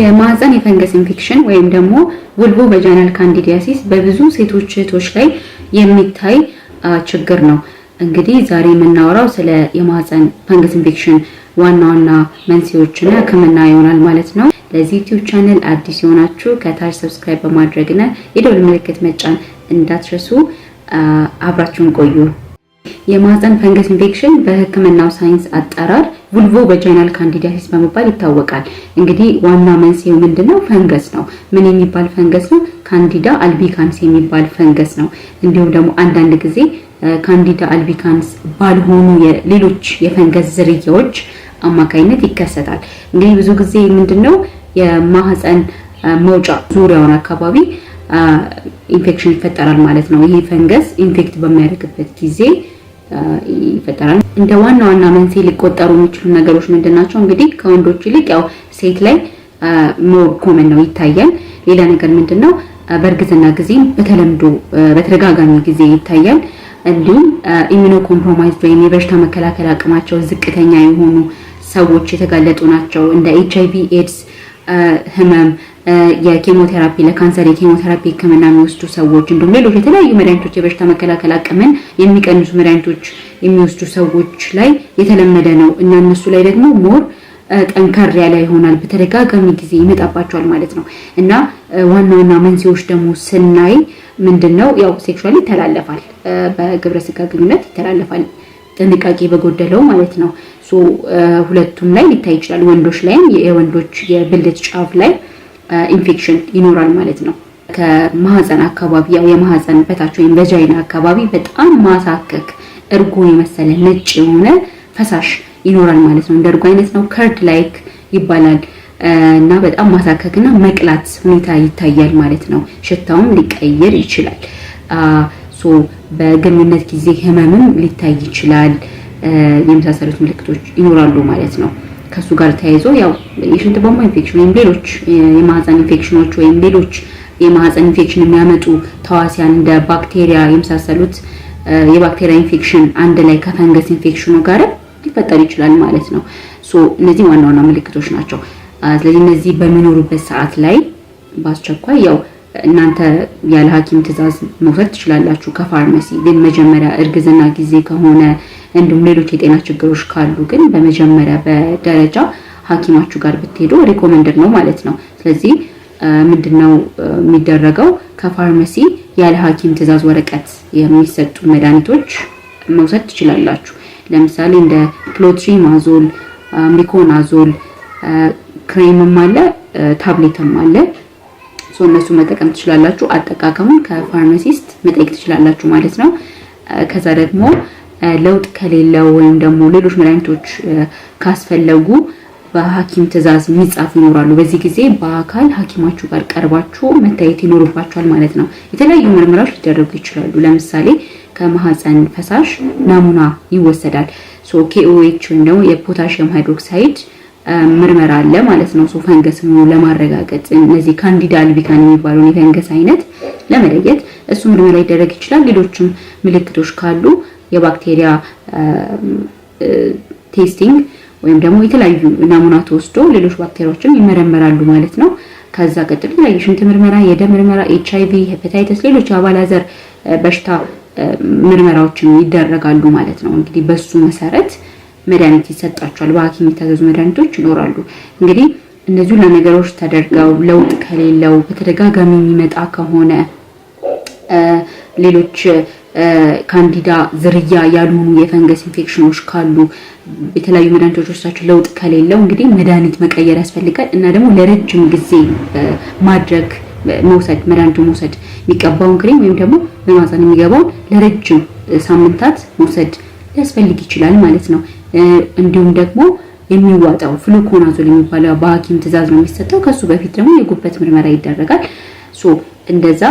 የማህፀን የፈንገስ ኢንፌክሽን ወይም ደግሞ ቡልቦ ቫጃይናል ካንዲዲያሲስ በብዙ ሴቶች እህቶች ላይ የሚታይ ችግር ነው። እንግዲህ ዛሬ የምናወራው ስለ የማህፀን ፈንገስ ኢንፌክሽን ዋና ዋና መንስኤዎችና ሕክምና ይሆናል ማለት ነው። ለዚህ ዩቲዩብ ቻናል አዲስ የሆናችሁ ከታች ሰብስክራይብ በማድረግና የደውል ምልክት መጫን እንዳትረሱ አብራችሁን ቆዩ። የማህፀን ፈንገስ ኢንፌክሽን በሕክምናው ሳይንስ አጠራር ቡልቮ በጃይናል ካንዲዳሲስ በመባል ይታወቃል። እንግዲህ ዋና መንስኤው ምንድነው? ፈንገስ ነው። ምን የሚባል ፈንገስ ነው? ካንዲዳ አልቢካንስ የሚባል ፈንገስ ነው። እንዲሁም ደግሞ አንዳንድ ጊዜ ካንዲዳ አልቢካንስ ባልሆኑ ሌሎች የፈንገስ ዝርያዎች አማካይነት ይከሰታል። እንግዲህ ብዙ ጊዜ ምንድነው የማህፀን መውጫ ዙሪያውን አካባቢ ኢንፌክሽን ይፈጠራል ማለት ነው። ይሄ ፈንገስ ኢንፌክት በሚያደርግበት ጊዜ ይፈጠራል። እንደ ዋና ዋና መንስኤ ሊቆጠሩ የሚችሉ ነገሮች ምንድን ናቸው? እንግዲህ ከወንዶች ይልቅ ያው ሴት ላይ ሞር ኮመን ነው ይታያል። ሌላ ነገር ምንድን ነው? በእርግዝና ጊዜ በተለምዶ በተደጋጋሚ ጊዜ ይታያል። እንዲሁም ኢሚኖ ኮምፕሮማይዝ ወይም የበሽታ መከላከል አቅማቸው ዝቅተኛ የሆኑ ሰዎች የተጋለጡ ናቸው። እንደ ኤች አይቪ ኤድስ ህመም የኬሞቴራፒ ለካንሰር የኬሞቴራፒ ሕክምና የሚወስዱ ሰዎች እንዲሁም ሌሎች የተለያዩ መድኃኒቶች የበሽታ መከላከል አቅምን የሚቀንሱ መድኃኒቶች የሚወስዱ ሰዎች ላይ የተለመደ ነው እና እነሱ ላይ ደግሞ ሞር ጠንከር ያለ ይሆናል። በተደጋጋሚ ጊዜ ይመጣባቸዋል ማለት ነው እና ዋና ዋና መንስኤዎች ደግሞ ስናይ ምንድን ነው ያው ሴክሹዋሊ ይተላለፋል፣ በግብረ ስጋ ግንኙነት ይተላለፋል ጥንቃቄ በጎደለው ማለት ነው። ሁለቱም ላይ ሊታይ ይችላል። ወንዶች ላይም የወንዶች የብልት ጫፍ ላይ ኢንፌክሽን ይኖራል ማለት ነው። ከማህፀን አካባቢ ያው የማህፀን በታች ወይም በጃይና አካባቢ በጣም ማሳከክ እርጎ የመሰለ ነጭ የሆነ ፈሳሽ ይኖራል ማለት ነው። እንደ እርጎ አይነት ነው፣ ከርድ ላይክ ይባላል እና በጣም ማሳከክና መቅላት ሁኔታ ይታያል ማለት ነው። ሽታውም ሊቀይር ይችላል። ሶ በግንኙነት ጊዜ ህመምም ሊታይ ይችላል። የመሳሰሉት ምልክቶች ይኖራሉ ማለት ነው። ከእሱ ጋር ተያይዞ ያው የሽንት ቧንቧ ኢንፌክሽን ወይም ሌሎች የማህፀን ኢንፌክሽኖች ወይም ሌሎች የማህፀን ኢንፌክሽን የሚያመጡ ተዋሲያን እንደ ባክቴሪያ የመሳሰሉት የባክቴሪያ ኢንፌክሽን አንድ ላይ ከፈንገስ ኢንፌክሽኑ ጋር ሊፈጠር ይችላል ማለት ነው። ሶ እነዚህ ዋና ዋና ምልክቶች ናቸው። ስለዚህ እነዚህ በሚኖሩበት ሰዓት ላይ በአስቸኳይ ያው እናንተ ያለ ሐኪም ትዕዛዝ መውሰድ ትችላላችሁ ከፋርማሲ። ግን መጀመሪያ እርግዝና ጊዜ ከሆነ እንዲሁም ሌሎች የጤና ችግሮች ካሉ ግን በመጀመሪያ በደረጃ ሐኪማችሁ ጋር ብትሄዱ ሪኮመንደር ነው ማለት ነው። ስለዚህ ምንድን ነው የሚደረገው? ከፋርማሲ ያለ ሐኪም ትዕዛዝ ወረቀት የሚሰጡ መድኃኒቶች መውሰድ ትችላላችሁ። ለምሳሌ እንደ ክሎትሪማዞል፣ ሚኮናዞል ክሬምም አለ ታብሌትም አለ። ሰው እነሱ መጠቀም ትችላላችሁ። አጠቃቀሙን ከፋርማሲስት መጠየቅ ትችላላችሁ ማለት ነው። ከዛ ደግሞ ለውጥ ከሌለው ወይም ደግሞ ሌሎች መድኃኒቶች ካስፈለጉ በሐኪም ትዕዛዝ የሚጻፉ ይኖራሉ። በዚህ ጊዜ በአካል ሐኪማችሁ ጋር ቀርባችሁ መታየት ይኖርባችኋል ማለት ነው። የተለያዩ ምርመራዎች ሊደረጉ ይችላሉ። ለምሳሌ ከማህፀን ፈሳሽ ናሙና ይወሰዳል። ኬኦኤች ወይም ደግሞ የፖታሽየም ሃይድሮክሳይድ ምርመራ አለ ማለት ነው። ፈንገስ ለማረጋገጥ እነዚህ ካንዲዳ አልቢካን የሚባለውን የፈንገስ አይነት ለመለየት እሱ ምርመራ ሊደረግ ይችላል። ሌሎችም ምልክቶች ካሉ የባክቴሪያ ቴስቲንግ ወይም ደግሞ የተለያዩ ናሙና ተወስዶ ሌሎች ባክቴሪያዎችም ይመረመራሉ ማለት ነው። ከዛ ቀጥሎ የተለያዩ ሽንት ምርመራ፣ የደም ምርመራ፣ ኤች አይ ቪ፣ ሄፓታይተስ፣ ሌሎች የአባላዘር በሽታ ምርመራዎችን ይደረጋሉ ማለት ነው። እንግዲህ በሱ መሰረት መድኃኒት ይሰጣቸዋል። በሐኪም የሚታዘዙ መድኃኒቶች ይኖራሉ። እንግዲህ እነዚህ ለነገሮች ተደርገው ለውጥ ከሌለው በተደጋጋሚ የሚመጣ ከሆነ ሌሎች ካንዲዳ ዝርያ ያልሆኑ የፈንገስ ኢንፌክሽኖች ካሉ የተለያዩ መድኃኒቶች ውስጣቸው ለውጥ ከሌለው እንግዲህ መድኃኒት መቀየር ያስፈልጋል እና ደግሞ ለረጅም ጊዜ ማድረግ መውሰድ መድኃኒቱ መውሰድ የሚቀባውን ክሬም ወይም ደግሞ በማህፀን የሚገባውን ለረጅም ሳምንታት መውሰድ ሊያስፈልግ ይችላል ማለት ነው። እንዲሁም ደግሞ የሚዋጣው ፍሉኮናዞል የሚባለው በሐኪም ትዕዛዝ ነው የሚሰጠው። ከሱ በፊት ደግሞ የጉበት ምርመራ ይደረጋል። እንደዛ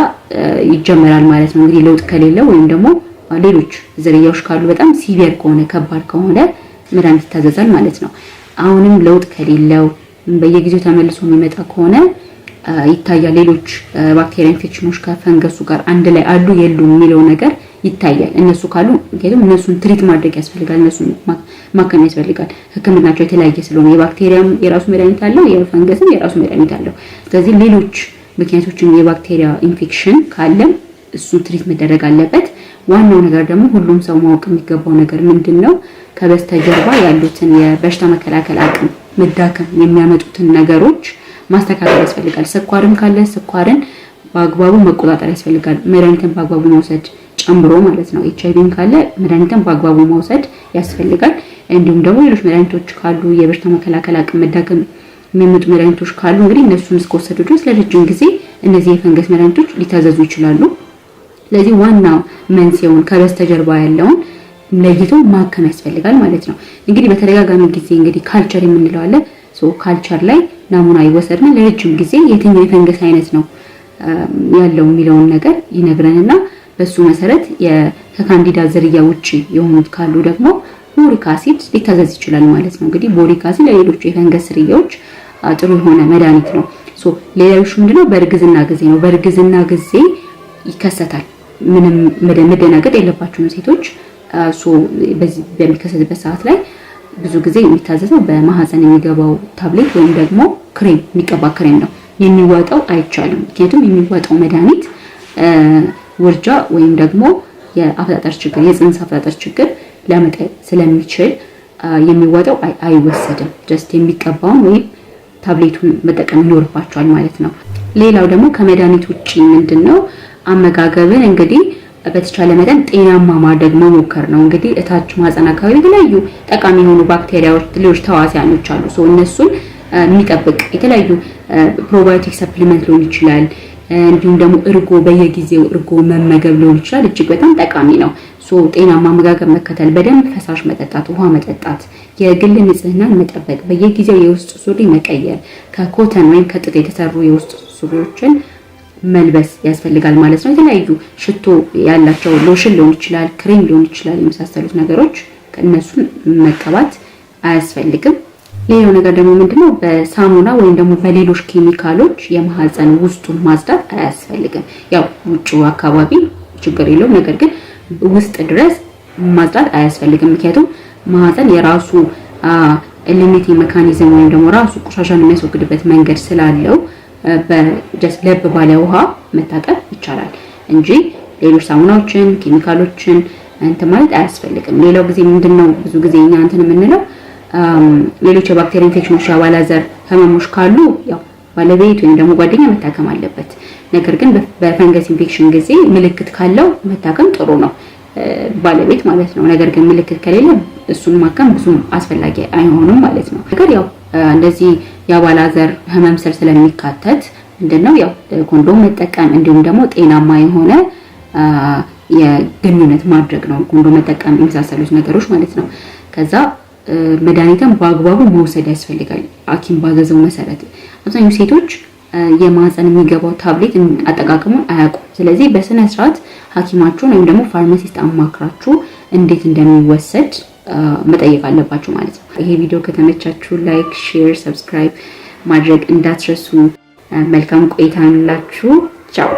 ይጀመራል ማለት ነው። እንግዲህ ለውጥ ከሌለው ወይም ደግሞ ሌሎች ዝርያዎች ካሉ በጣም ሲቪየር ከሆነ ከባድ ከሆነ መድኃኒት ይታዘዛል ማለት ነው። አሁንም ለውጥ ከሌለው በየጊዜው ተመልሶ የሚመጣ ከሆነ ይታያል። ሌሎች ባክቴሪያ ኢንፌክሽኖች ከፈንገሱ ጋር አንድ ላይ አሉ የሉም የሚለው ነገር ይታያል። እነሱ ካሉ ምክንያቱም እነሱን ትሪት ማድረግ ያስፈልጋል፣ እነሱን ማከም ያስፈልጋል። ሕክምናቸው የተለያየ ስለሆነ የባክቴሪያም የራሱ መድኃኒት አለው፣ የፈንገስም የራሱ መድኃኒት አለው። ስለዚህ ሌሎች ምክንያቶችም የባክቴሪያ ኢንፌክሽን ካለም እሱ ትሪት መደረግ አለበት። ዋናው ነገር ደግሞ ሁሉም ሰው ማወቅ የሚገባው ነገር ምንድን ነው? ከበስተጀርባ ያሉትን የበሽታ መከላከል አቅም መዳከም የሚያመጡትን ነገሮች ማስተካከል ያስፈልጋል። ስኳርም ካለ ስኳርን በአግባቡ መቆጣጠር ያስፈልጋል። መድኃኒትን በአግባቡ መውሰድ ጨምሮ ማለት ነው። ኤች አይቪን ካለ መድኃኒትን በአግባቡ መውሰድ ያስፈልጋል። እንዲሁም ደግሞ ሌሎች መድኃኒቶች ካሉ የበሽታ መከላከል አቅም መዳከም የሚመጡ መድኃኒቶች ካሉ እንግዲህ እነሱን እስከወሰዱ ድረስ ለረጅም ጊዜ እነዚህ የፈንገስ መድኃኒቶች ሊታዘዙ ይችላሉ። ስለዚህ ዋና መንስኤውን ከበስተጀርባ ያለውን ለይቶ ማከም ያስፈልጋል ማለት ነው። እንግዲህ በተደጋጋሚ ጊዜ እንግዲህ ካልቸር የምንለው አለ። ካልቸር ላይ ናሙና ይወሰድና ለረጅም ጊዜ የትኛው የፈንገስ አይነት ነው ያለው የሚለውን ነገር ይነግረንና በሱ መሰረት ከካንዲዳ ዝርያ ውጪ የሆኑት ካሉ ደግሞ ቦሪክ አሲድ ሊታዘዝ ይችላል ማለት ነው። እንግዲህ ቦሪክ አሲድ ለሌሎቹ የፈንገስ ዝርያዎች ጥሩ የሆነ መድኃኒት ነው። ሶ ሌሎቹ ምንድነው? በእርግዝና ጊዜ ነው። በእርግዝና ጊዜ ይከሰታል። ምንም መደናገጥ የለባቸውም ሴቶች። ሶ በዚህ በሚከሰትበት ሰዓት ላይ ብዙ ጊዜ የሚታዘዘው በማህፀን የሚገባው ታብሌት ወይም ደግሞ ክሬም የሚቀባ ክሬም ነው። የሚዋጣው አይቻልም። ምክንያቱም የሚዋጣው መድኃኒት ውርጃ ወይም ደግሞ የአፈጣጠር ችግር የጽንስ አፈጣጠር ችግር ሊያመጣ ስለሚችል የሚዋጠው አይወሰድም። ጀስት የሚቀባውን ወይም ታብሌቱን መጠቀም ይኖርባቸዋል ማለት ነው። ሌላው ደግሞ ከመድኃኒት ውጪ ምንድን ነው አመጋገብን እንግዲህ በተቻለ መጠን ጤናማ ማድረግ መሞከር ነው። እንግዲህ እታች ማህፀን አካባቢ የተለያዩ ጠቃሚ የሆኑ ባክቴሪያዎች፣ ሌሎች ተዋሲያኖች አሉ። እነሱን የሚጠብቅ የተለያዩ ፕሮባዮቲክ ሰፕሊመንት ሊሆን ይችላል እንዲሁም ደግሞ እርጎ በየጊዜው እርጎ መመገብ ሊሆን ይችላል። እጅግ በጣም ጠቃሚ ነው። ጤናማ አመጋገብ መከተል፣ በደንብ ፈሳሽ መጠጣት፣ ውሃ መጠጣት፣ የግል ንጽህናን መጠበቅ፣ በየጊዜው የውስጥ ሱሪ መቀየር፣ ከኮተን ወይም ከጥጥ የተሰሩ የውስጥ ሱሪዎችን መልበስ ያስፈልጋል ማለት ነው። የተለያዩ ሽቶ ያላቸው ሎሽን ሊሆን ይችላል፣ ክሬም ሊሆን ይችላል፣ የመሳሰሉት ነገሮች እነሱን መቀባት አያስፈልግም። ሌላው ነገር ደግሞ ምንድነው በሳሙና ወይም ደግሞ በሌሎች ኬሚካሎች የማህፀን ውስጡን ማጽዳት አያስፈልግም። ያው ውጭው አካባቢ ችግር የለውም፣ ነገር ግን ውስጥ ድረስ ማጽዳት አያስፈልግም። ምክንያቱም ማህፀን የራሱ ሊሚት ሜካኒዝም ወይም ደግሞ ራሱ ቆሻሻን የሚያስወግድበት መንገድ ስላለው ለብ ባለ ውሃ መታጠብ ይቻላል እንጂ ሌሎች ሳሙናዎችን ኬሚካሎችን እንትን ማለት አያስፈልግም። ሌላው ጊዜ ምንድነው ብዙ ጊዜ እኛ እንትን የምንለው ሌሎች የባክቴሪያ ኢንፌክሽኖች፣ የአባላዘር ህመሞች ካሉ ያው ባለቤት ወይም ደግሞ ጓደኛ መታከም አለበት። ነገር ግን በፈንገስ ኢንፌክሽን ጊዜ ምልክት ካለው መታከም ጥሩ ነው፣ ባለቤት ማለት ነው። ነገር ግን ምልክት ከሌለ እሱን ማከም ብዙም አስፈላጊ አይሆንም ማለት ነው። ነገር ያው እንደዚህ የአባላዘር ህመም ስር ስለሚካተት ምንድነው ያው ኮንዶም መጠቀም እንዲሁም ደግሞ ጤናማ የሆነ የግንኙነት ማድረግ ነው። ኮንዶም መጠቀም የመሳሰሉት ነገሮች ማለት ነው ከዛ መድኃኒትን በአግባቡ መውሰድ ያስፈልጋል። ሐኪም ባዘዘው መሰረት አብዛኛው ሴቶች የማህፀን የሚገባው ታብሌት አጠቃቀሙን አያውቁም። ስለዚህ በስነ ስርዓት ሐኪማችሁን ወይም ደግሞ ፋርማሲስት አማክራችሁ እንዴት እንደሚወሰድ መጠየቅ አለባችሁ ማለት ነው። ይሄ ቪዲዮ ከተመቻችሁ ላይክ፣ ሼር፣ ሰብስክራይብ ማድረግ እንዳትረሱ። መልካም ቆይታ እንላችሁ። ቻው